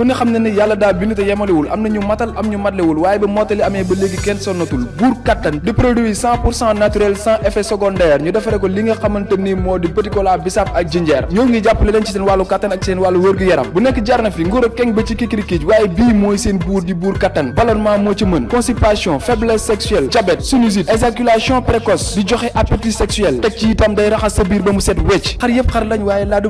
ku ne xam ne ne yàlla daa bindu te yemalewul am na ñu matal am ñu matlewul waaye ba mottali amee ba léegi kenn sonnatul buur kattan di produit cent pour cent naturel sans effet secondaire ñu defare ko li nga xamante ni moo di petit cola bisaab ak jinjeer ñoo ngi jàppale leen ci seen wàllu kattan ak seen wàllu wërgu-yaram bu nekk jar fi nguur ak keng ba ci kikirikiij waaye bii mooy seen buur di buur kattan ballonnement moo ci mën constipation faiblesse sa biir ba mu set wecc xar yëpp xar lañ